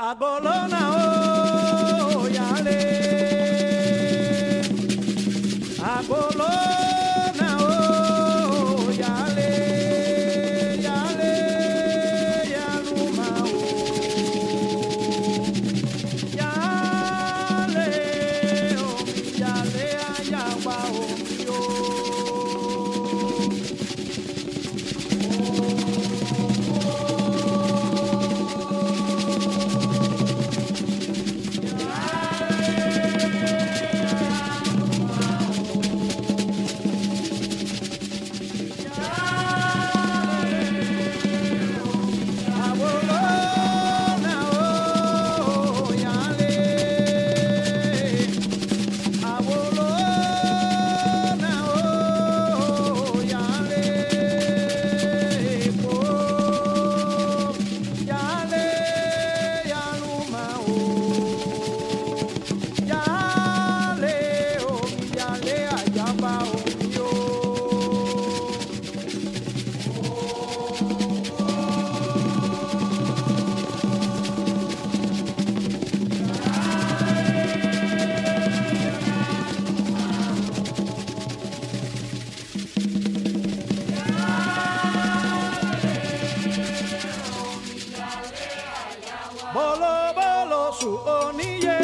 Abolona oyale. Oh, oh, oh, Abolona. bolo bolo su onille.